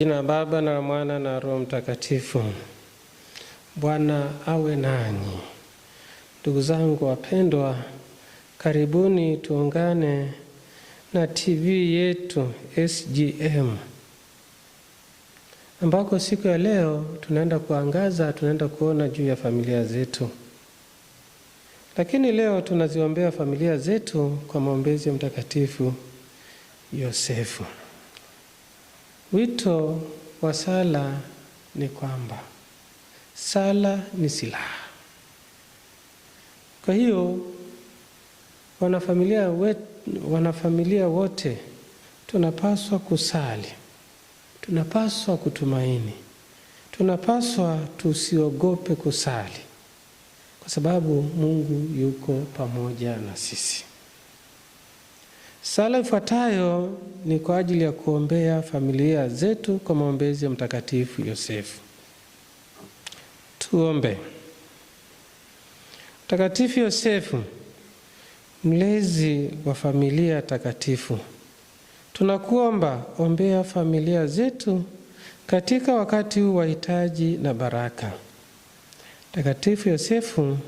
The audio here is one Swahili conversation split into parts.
Jina Baba na Mwana na Roho Mtakatifu. Bwana awe nanyi. Ndugu zangu wapendwa, karibuni tuungane na TV yetu SGM ambako siku ya leo tunaenda kuangaza, tunaenda kuona juu ya familia zetu. Lakini leo tunaziombea familia zetu kwa maombezi ya Mtakatifu Yosefu. Wito wa sala ni kwamba sala ni silaha. Kwa hiyo wanafamilia, wanafamilia wote tunapaswa kusali, tunapaswa kutumaini, tunapaswa tusiogope kusali, kwa sababu Mungu yuko pamoja na sisi. Sala ifuatayo ni kwa ajili ya kuombea familia zetu kwa maombezi ya Mtakatifu Yosefu. Tuombe. Mtakatifu Yosefu, mlezi wa familia takatifu, tunakuomba ombea familia zetu katika wakati huu wa hitaji na baraka. Mtakatifu Yosefu,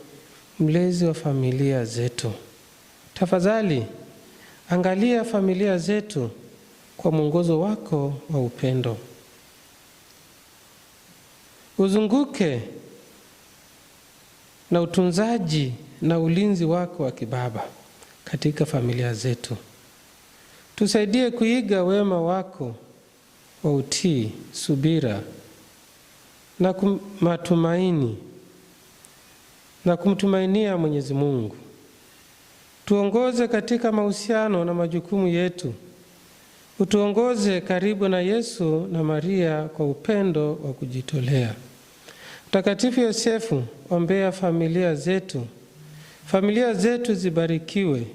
mlezi wa familia zetu, tafadhali Angalia familia zetu kwa mwongozo wako wa upendo. Uzunguke na utunzaji na ulinzi wako wa kibaba katika familia zetu. Tusaidie kuiga wema wako wa utii, subira na matumaini na kumtumainia Mwenyezi Mungu tuongoze katika mahusiano na majukumu yetu, utuongoze karibu na Yesu na Maria kwa upendo wa kujitolea. Mtakatifu Yosefu, ombea familia zetu. Familia zetu zibarikiwe,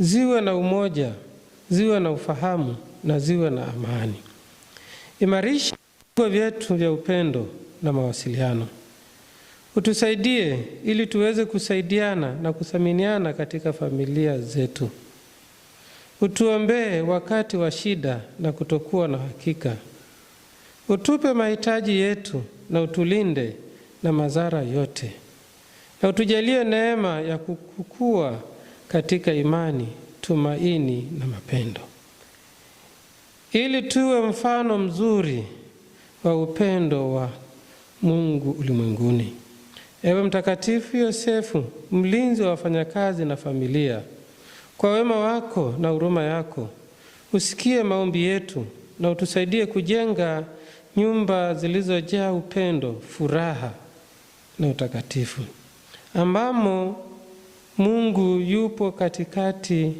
ziwe na umoja, ziwe na ufahamu na ziwe na amani. Imarisha vituo vyetu vya upendo na mawasiliano utusaidie ili tuweze kusaidiana na kuthaminiana katika familia zetu. Utuombee wakati wa shida na kutokuwa na hakika. Utupe mahitaji yetu na utulinde na madhara yote, na utujalie neema ya kukua katika imani, tumaini na mapendo, ili tuwe mfano mzuri wa upendo wa Mungu ulimwenguni. Ewe Mtakatifu Yosefu, mlinzi wa wafanyakazi na familia, kwa wema wako na huruma yako usikie maombi yetu na utusaidie kujenga nyumba zilizojaa upendo, furaha na utakatifu, ambamo Mungu yupo katikati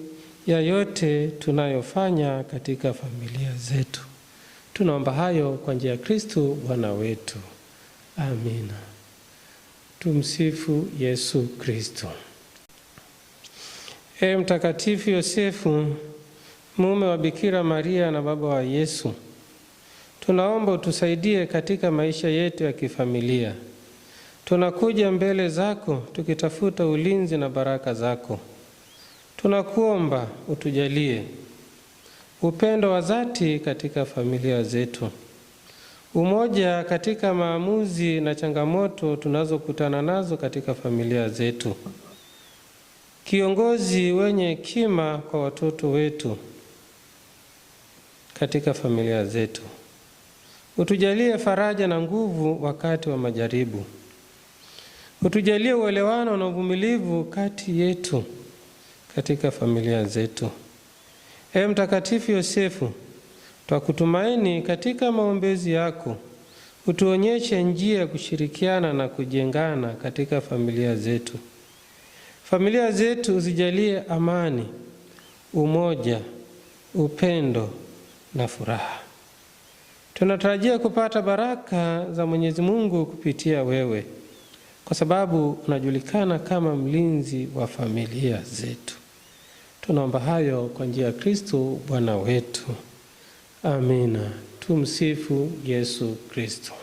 ya yote tunayofanya katika familia zetu. Tunaomba hayo kwa njia ya Kristu Bwana wetu. Amina. Tumsifu Yesu Kristo. E Mtakatifu Yosefu, mume wa Bikira Maria na baba wa Yesu, tunaomba utusaidie katika maisha yetu ya kifamilia. Tunakuja mbele zako tukitafuta ulinzi na baraka zako. Tunakuomba utujalie upendo wa dhati katika familia zetu. Umoja katika maamuzi na changamoto tunazokutana nazo katika familia zetu. Kiongozi wenye hekima kwa watoto wetu katika familia zetu. Utujalie faraja na nguvu wakati wa majaribu. Utujalie uelewano na uvumilivu kati yetu katika familia zetu. Ee Mtakatifu Yosefu Twakutumaini katika maombezi yako, utuonyeshe njia ya kushirikiana na kujengana katika familia zetu. Familia zetu zijalie amani, umoja, upendo na furaha. Tunatarajia kupata baraka za Mwenyezi Mungu kupitia wewe, kwa sababu unajulikana kama mlinzi wa familia zetu. Tunaomba hayo kwa njia ya Kristo Bwana wetu. Amina. Tumsifu Yesu Kristo.